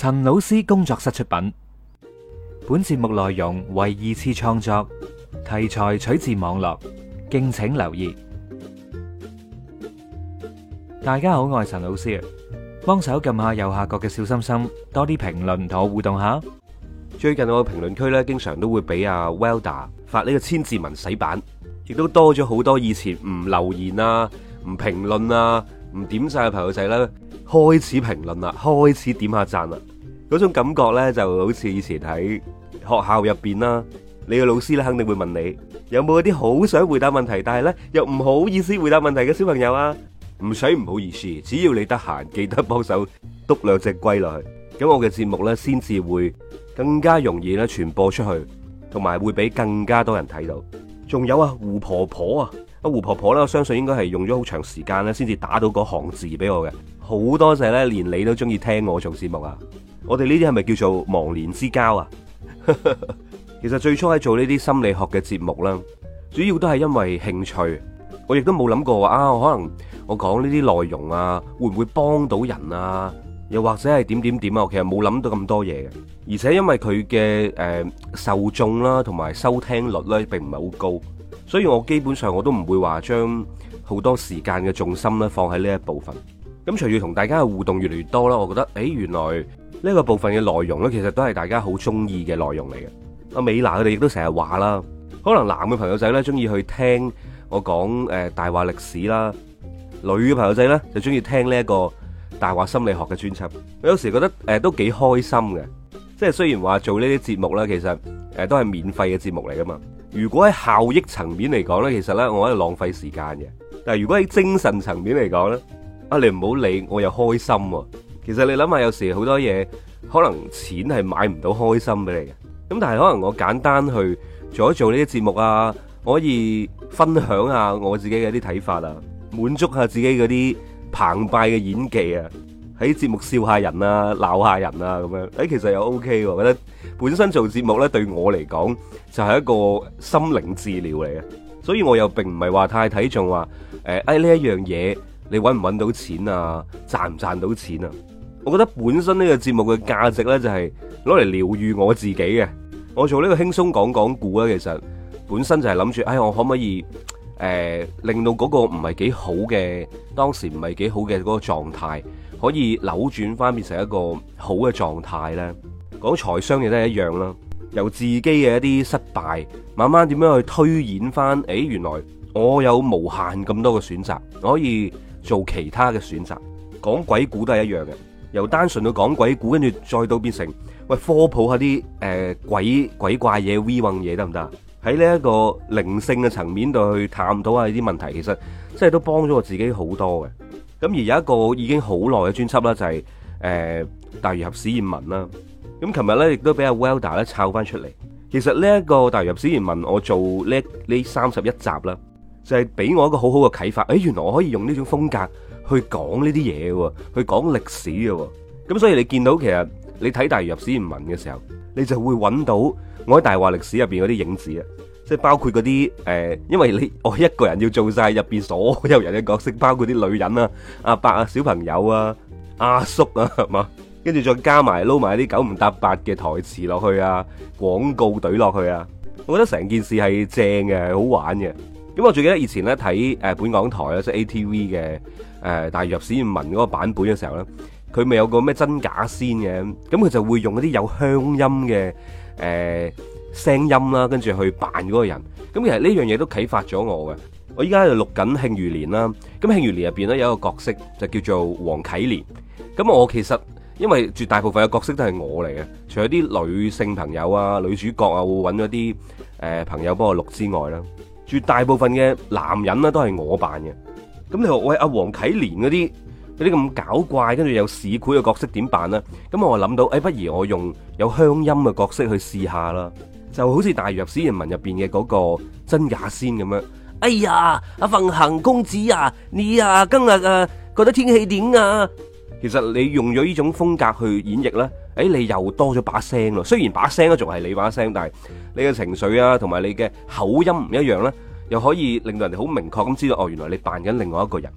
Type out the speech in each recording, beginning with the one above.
陳老師工作室出品，本節目內容為二次創作，題材取自網絡，敬請留意。大家好，我係陳老師啊，幫手撳下右下角嘅小心心，多啲評論同我互動下。最近我嘅評論區咧，經常都會俾阿 Welda 發呢個千字文洗版，亦都多咗好多以前唔留言啊、唔評論啊、唔點讚嘅朋友仔咧，開始評論啦，開始點下讚啦。嗰種感覺咧，就好似以前喺學校入邊啦。你嘅老師咧，肯定會問你有冇啲好想回答問題，但係咧又唔好意思回答問題嘅小朋友啊。唔使唔好意思，只要你得閒，記得幫手篤兩隻龜落去。咁我嘅節目咧，先至會更加容易咧傳播出去，同埋會俾更加多人睇到。仲有啊，胡婆婆啊，啊胡婆婆啦，我相信應該係用咗好長時間咧，先至打到嗰行字俾我嘅。好多謝咧，連你都中意聽我做節目啊！我哋呢啲係咪叫做忘年之交啊？ 其實最初喺做呢啲心理學嘅節目啦，主要都係因為興趣。我亦都冇諗過話啊，可能我講呢啲內容啊，會唔會幫到人啊？又或者係點點點啊？我其實冇諗到咁多嘢。而且因為佢嘅誒受眾啦，同埋收聽率咧，並唔係好高，所以我基本上我都唔會話將好多時間嘅重心咧放喺呢一部分。咁隨住同大家嘅互動越嚟越多啦，我覺得誒，原來。呢一個部分嘅內容咧，其實都係大家好中意嘅內容嚟嘅。阿美娜佢哋亦都成日話啦，可能男嘅朋友仔咧中意去聽我講誒、呃、大話歷史啦，女嘅朋友仔咧就中意聽呢一個大話心理學嘅專輯。有時覺得誒、呃、都幾開心嘅，即係雖然話做呢啲節目咧，其實誒、呃、都係免費嘅節目嚟噶嘛。如果喺效益層面嚟講咧，其實咧我喺度浪費時間嘅。但係如果喺精神層面嚟講咧，啊你唔好理，我又開心、啊。其實你諗下，有時好多嘢，可能錢係買唔到開心俾你嘅。咁但係可能我簡單去做一做呢啲節目啊，可以分享下我自己嘅啲睇法啊，滿足下自己嗰啲澎湃嘅演技啊，喺節目笑下人啊，鬧下人啊，咁樣誒、欸，其實又 OK。我覺得本身做節目呢對我嚟講就係、是、一個心靈治療嚟嘅，所以我又並唔係話太睇重話誒，呢、欸欸、一樣嘢你揾唔揾到錢啊，賺唔賺到錢啊？我覺得本身呢個節目嘅價值呢，就係攞嚟療愈我自己嘅。我做呢個輕鬆講講股咧，其實本身就係諗住，哎,我可唔可以誒、呃、令到嗰個唔係幾好嘅當時唔係幾好嘅嗰個狀態，可以扭轉翻變成一個好嘅狀態呢？講財商亦都係一樣啦。由自己嘅一啲失敗，慢慢點樣去推演翻？誒、哎，原來我有無限咁多嘅選擇，我可以做其他嘅選擇。講鬼故都係一樣嘅。由單純到講鬼故，跟住再到變成喂科普下啲誒鬼鬼怪嘢、we 嘢得唔得？喺呢一個靈性嘅層面度去探討下呢啲問題，其實即係都幫咗我自己好多嘅。咁而有一個已經好耐嘅專輯啦，就係、是、誒《大儒俠史艷文》啦。咁琴日咧，亦都俾阿 Welda 咧抄翻出嚟。其實呢一個《大儒俠史艷文》，我做呢呢三十一,一集啦，就係、是、俾我一個好好嘅啟發。誒、哎，原來我可以用呢種風格。去講呢啲嘢喎，去講歷史嘅喎，咁所以你見到其實你睇《大魚入史唔文》嘅時候，你就會揾到我喺大話歷史入邊嗰啲影子啊，即係包括嗰啲誒，因為你我一個人要做晒入邊所有人嘅角色，包括啲女人啊、阿伯啊、小朋友啊、阿叔啊，係嘛，跟住再加埋撈埋啲九唔搭八嘅台詞落去啊、廣告隊落去啊，我覺得成件事係正嘅，好玩嘅。咁、嗯、我最記得以前咧睇誒本港台咧即係 ATV 嘅誒、呃《大儒俠史艷文》文、那、嗰個版本嘅時候咧，佢咪有個咩真假仙嘅？咁佢就會用嗰啲有鄉音嘅誒聲音啦，跟住去扮嗰個人。咁、嗯、其實呢樣嘢都啟發咗我嘅。我依家就錄緊《慶餘年》啦、嗯。咁《慶餘年》入邊咧有一個角色就叫做王啟年。咁、嗯、我其實因為絕大部分嘅角色都係我嚟嘅，除咗啲女性朋友啊、女主角啊會搵咗啲誒朋友幫我錄之外啦。絕大部分嘅男人啦，都係我扮嘅。咁你話喂，阿黃、啊、啟廉嗰啲嗰啲咁搞怪，跟住有市儈嘅角色點辦咧？咁我就諗到，誒、哎，不如我用有鄉音嘅角色去試下啦，就好似《大藥師人文》入邊嘅嗰個真假仙咁樣。哎呀，阿馮行公子啊，你啊今日啊覺得天氣點啊？其實你用咗呢種風格去演繹咧，誒你又多咗把聲咯。雖然把聲都仲係你把聲，但係你嘅情緒啊同埋你嘅口音唔一樣咧，又可以令到人哋好明確咁知道哦，原來你扮緊另外一個人。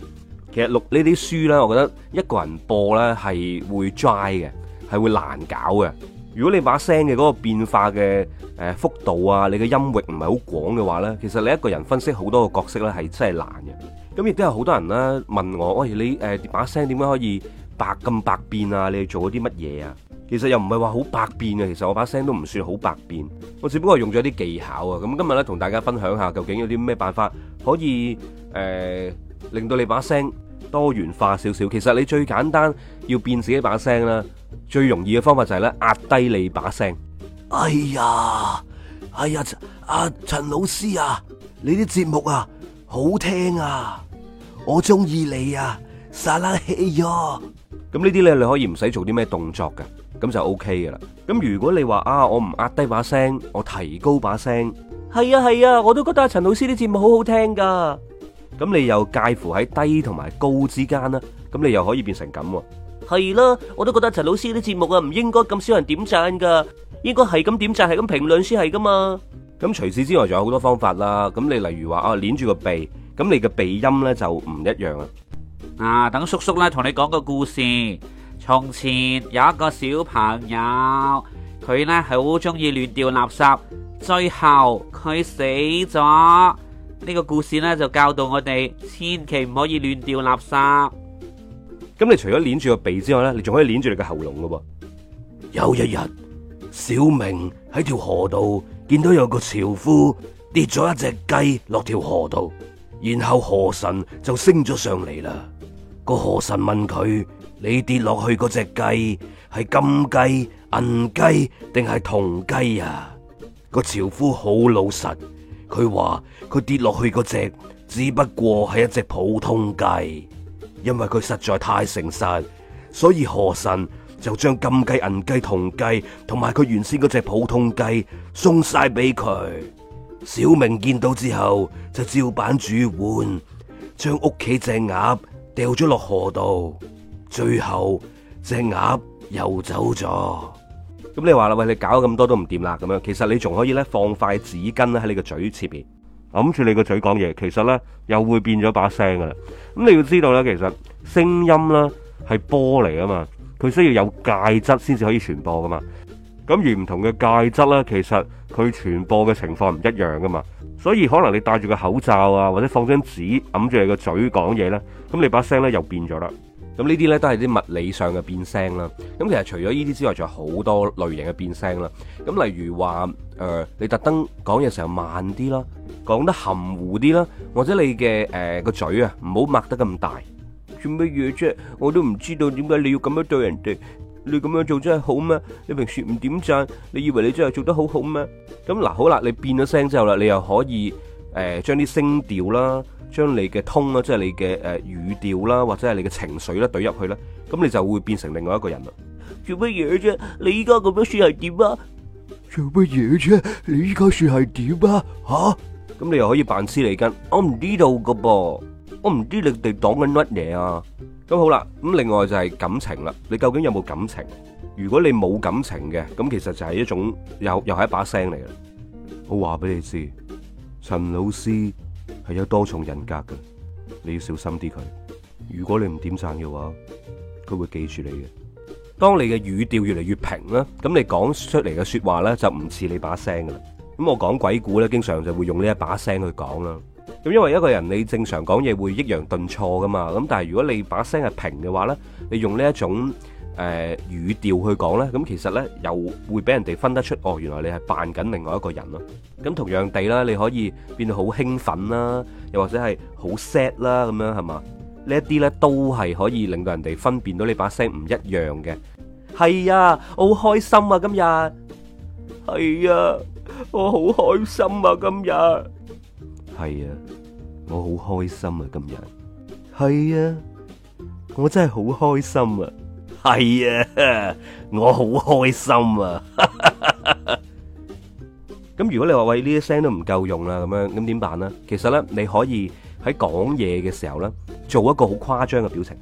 其實錄呢啲書咧，我覺得一個人播咧係會 dry 嘅，係會難搞嘅。如果你把聲嘅嗰個變化嘅誒幅度啊，你嘅音域唔係好廣嘅話咧，其實你一個人分析好多個角色咧係真係難嘅。咁亦都有好多人啦問我，喂你誒把聲點樣可以？百咁百變啊！你做咗啲乜嘢啊？其實又唔係話好百變啊。其實我把聲都唔算好百變，我只不過用咗啲技巧啊。咁今日咧同大家分享下，究竟有啲咩辦法可以誒、呃、令到你把聲多元化少少？其實你最簡單要變自己把聲啦，最容易嘅方法就係咧壓低你把聲。哎呀，哎呀，阿陳、啊、老師啊，你啲節目啊好聽啊，我中意你啊，撒拉嘿喲、啊。咁呢啲呢，你可以唔使做啲咩動作嘅，咁就 OK 噶啦。咁如果你話啊，我唔壓低把聲，我提高把聲，係啊係啊，我都覺得啊陳老師啲節目好好聽噶。咁你又介乎喺低同埋高之間啦，咁你又可以變成咁。係啦，我都覺得陳老師啲節目啊，唔應該咁少人點讚噶，應該係咁點讚，係咁評論先係噶嘛。咁除此之外，仲有好多方法啦。咁你例如話啊，捻住個鼻，咁你嘅鼻音呢就唔一樣啦。啊！等叔叔啦，同你講個故事。從前有一個小朋友，佢呢好中意亂掉垃圾，最後佢死咗。呢個故事呢就教導我哋，千祈唔可以亂掉垃圾。咁你除咗捏住個鼻之外呢，你仲可以捏住你個喉嚨㗎喎。有一日，小明喺條河度見到有個樵夫跌咗一隻雞落條河度，然後河神就升咗上嚟啦。個河神問佢：你跌落去嗰隻雞係金雞、銀雞定係銅雞啊？個樵夫好老實，佢話佢跌落去嗰隻只不過係一隻普通雞，因為佢實在太誠實，所以河神就將金雞、銀雞、銅雞同埋佢原先嗰隻普通雞送晒俾佢。小明見到之後就照版煮碗，將屋企隻鴨。掉咗落河度，最後隻鴨又走咗。咁，嗯，你話啦，喂，你搞咁多都唔掂啦，咁樣。其實你仲可以咧放塊紙巾喺你個嘴前邊，揞住你個嘴講嘢，其實咧又會變咗把聲噶啦。咁你要知道咧，其實聲音啦係波嚟啊嘛，佢需要有介質先至可以傳播噶嘛。咁而唔同嘅介質咧，其實佢傳播嘅情況唔一樣噶嘛，所以可能你戴住個口罩啊，或者放張紙揞住你個嘴講嘢咧，咁你把聲咧又變咗啦。咁呢啲咧都係啲物理上嘅變聲啦。咁其實除咗呢啲之外，仲有好多類型嘅變聲啦。咁例如話誒、呃，你特登講嘢時候慢啲啦，講得含糊啲啦，或者你嘅誒個嘴啊唔好擘得咁大。做乜嘢啫？我都唔知道點解你要咁樣對人哋。你咁樣做真係好咩？你平時唔點讚，你以為你真係做得好好咩？咁嗱，好啦，你變咗聲之後啦，你又可以誒將啲聲調啦，將、呃、你嘅通啦，即係你嘅誒語調啦，或者係你嘅情緒啦懟入去啦，咁你就會變成另外一個人啦。做乜嘢啫？你依家咁樣算係點啊？做乜嘢啫？你依家算係點啊？吓、啊？咁你又可以扮師嚟緊？我唔知道噶噃。我唔知你哋講緊乜嘢啊！咁好啦，咁另外就係感情啦。你究竟有冇感情？如果你冇感情嘅，咁其實就係一種又又係一把聲嚟嘅。我話俾你知，陳老師係有多重人格嘅，你要小心啲佢。如果你唔點讚嘅話，佢會記住你嘅。當你嘅語調越嚟越平啦，咁你講出嚟嘅說話咧就唔似你把聲噶啦。咁我講鬼故咧，經常就會用呢一把聲去講啦。咁因為一個人你正常講嘢會抑揚頓挫噶嘛，咁但係如果你把聲係平嘅話咧，你用呢一種誒語調去講咧，咁其實咧又會俾人哋分得出哦，原來你係扮緊另外一個人咯。咁同樣地啦，你可以變到好興奮啦，又或者係好 sad 啦，咁樣係嘛？呢一啲咧都係可以令到人哋分辨到你把聲唔一樣嘅。係啊，我好開心啊今日。係啊，我好開心啊今日。係啊，我好開心啊今日。係啊，我真係好開心啊。係啊，我好開心啊。咁如果你話喂呢啲聲都唔夠用啦，咁樣咁點辦呢？其實咧，你可以喺講嘢嘅時候咧，做一個好誇張嘅表情。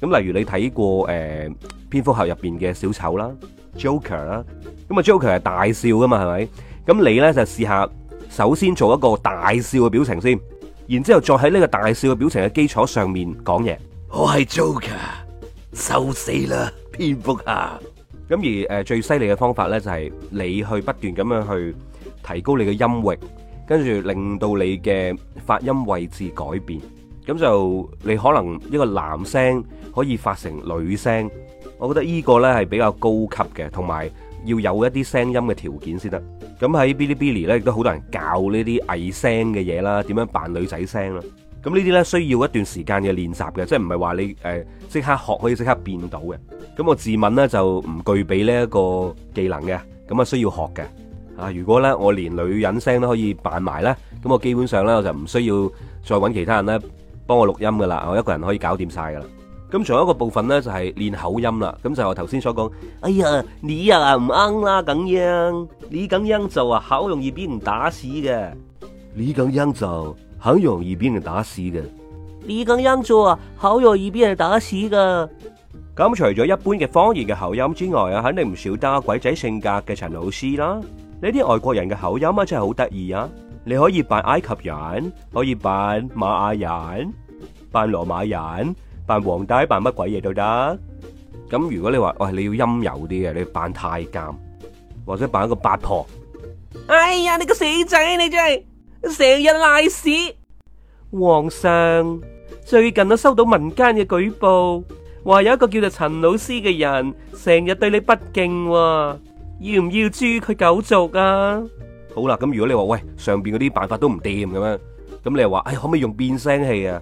咁例如你睇過誒《蝙蝠俠》入邊嘅小丑啦，Joker 啦，咁啊 Joker 係大笑噶嘛，係咪？咁你咧就試下。首先做一個大笑嘅表情先，然之後再喺呢個大笑嘅表情嘅基礎上面講嘢。我係 Joker，受死啦蝙蝠俠！咁而誒最犀利嘅方法呢，就係你去不斷咁樣去提高你嘅音域，跟住令到你嘅發音位置改變。咁就你可能一個男聲可以發成女聲，我覺得呢個呢係比較高級嘅，同埋，要有一啲聲音嘅條件先得，咁喺 Bilibili 咧亦都好多人教呢啲偽聲嘅嘢啦，點樣扮女仔聲啦，咁呢啲呢，需要一段時間嘅練習嘅，即係唔係話你誒呃，即刻學可以即刻變到嘅，咁我自問呢，就唔具備呢一個技能嘅，咁啊需要學嘅，啊如果呢，我連女人聲都可以扮埋呢，咁我基本上呢，我就唔需要再揾其他人呢幫我錄音噶啦，我一個人可以搞掂晒噶啦。咁仲有一個部分咧，就係練口音啦。咁就係我頭先所講，哎呀，你啊唔啱啦，咁樣，你咁樣做啊好容易俾人打死嘅。你咁樣做，很容易俾人打死嘅。你咁樣做啊好容易俾人打死噶。咁除咗一般嘅方言嘅口音之外啊，肯定唔少得鬼仔性格嘅陳老師啦。呢啲外國人嘅口音啊，真係好得意啊！你可以扮埃及人，可以扮馬雅人，扮羅馬人。扮皇帝，扮乜鬼嘢都得，咁如果你話喂、哎、你要陰柔啲嘅，你扮太監或者扮一個八婆。哎呀你個死仔，你真係成日賴屎！皇上最近都收到民間嘅舉報，話有一個叫做陳老師嘅人，成日對你不敬，要唔要誅佢九族啊？好啦，咁如果你話喂，上邊嗰啲辦法都唔掂咁樣，咁你又話哎，可唔可以用變聲器啊？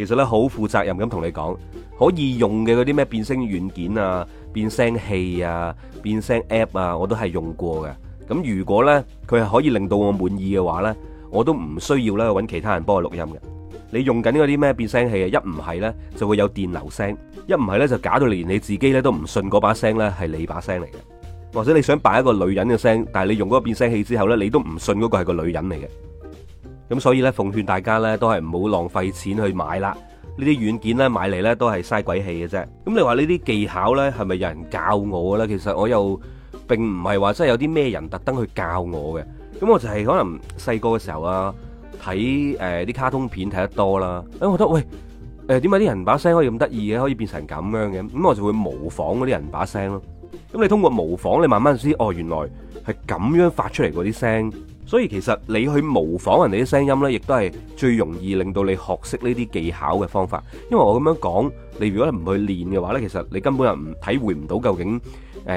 其實咧好負責任咁同你講，可以用嘅嗰啲咩變聲軟件啊、變聲器啊、變聲 App 啊，我都係用過嘅。咁如果呢，佢係可以令到我滿意嘅話呢，我都唔需要咧搵其他人幫我錄音嘅。你用緊嗰啲咩變聲器啊？一唔係呢，就會有電流聲，一唔係呢，就假到連你自己咧都唔信嗰把聲呢係你把聲嚟嘅。或者你想扮一個女人嘅聲，但係你用嗰個變聲器之後呢，你都唔信嗰個係個女人嚟嘅。咁所以咧，奉勸大家咧，都係唔好浪費錢去買啦。軟呢啲軟件咧，買嚟咧都係嘥鬼氣嘅啫。咁、嗯、你話呢啲技巧咧，係咪有人教我咧？其實我又並唔係話真係有啲咩人特登去教我嘅。咁、嗯、我就係可能細個嘅時候啊，睇誒啲卡通片睇得多啦。哎、我覺得喂誒，點解啲人把聲可以咁得意嘅，可以變成咁樣嘅？咁、嗯、我就會模仿嗰啲人把聲咯。咁、嗯、你通過模仿，你慢慢先知，哦，原來係咁樣發出嚟嗰啲聲。所以其實你去模仿人哋啲聲音呢，亦都係最容易令到你學識呢啲技巧嘅方法。因為我咁樣講，你如果唔去練嘅話呢，其實你根本就唔體會唔到究竟誒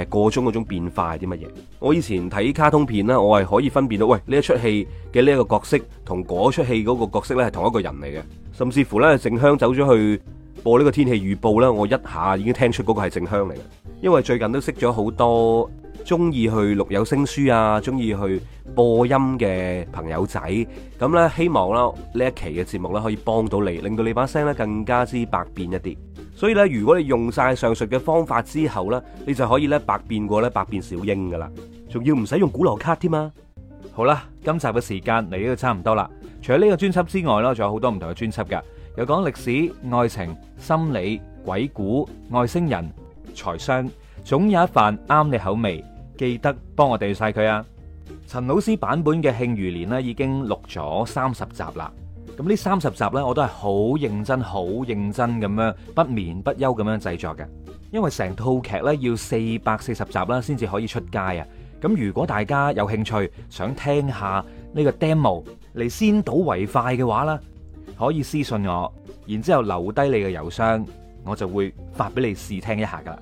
個、呃、中嗰種變化係啲乜嘢。我以前睇卡通片呢，我係可以分辨到，喂呢一出戲嘅呢一個角色同嗰出戲嗰個角色呢係同一個人嚟嘅。甚至乎呢，靜香走咗去播呢個天氣預報呢，我一下已經聽出嗰個係靜香嚟嘅，因為最近都識咗好多。中意去錄有聲書啊，中意去播音嘅朋友仔，咁呢希望啦呢一期嘅節目咧可以幫到你，令到你把聲咧更加之百變一啲。所以呢，如果你用晒上述嘅方法之後呢，你就可以呢百變過呢百變小櫻噶啦，仲要唔使用古羅卡添啊！好啦，今集嘅時間嚟到差唔多啦。除咗呢個專輯之外啦，仲有好多唔同嘅專輯噶，有講歷史、愛情、心理、鬼故、外星人、財商，總有一瓣啱你口味。記得幫我訂晒佢啊！陳老師版本嘅《慶餘年》咧已經錄咗三十集啦。咁呢三十集咧，我都係好認真、好認真咁樣不眠不休咁樣製作嘅。因為成套劇呢要四百四十集啦，先至可以出街啊。咁如果大家有興趣想聽下呢個 demo 嚟，先睹為快嘅話啦，可以私信我，然之後留低你嘅郵箱，我就會發俾你試聽一下噶。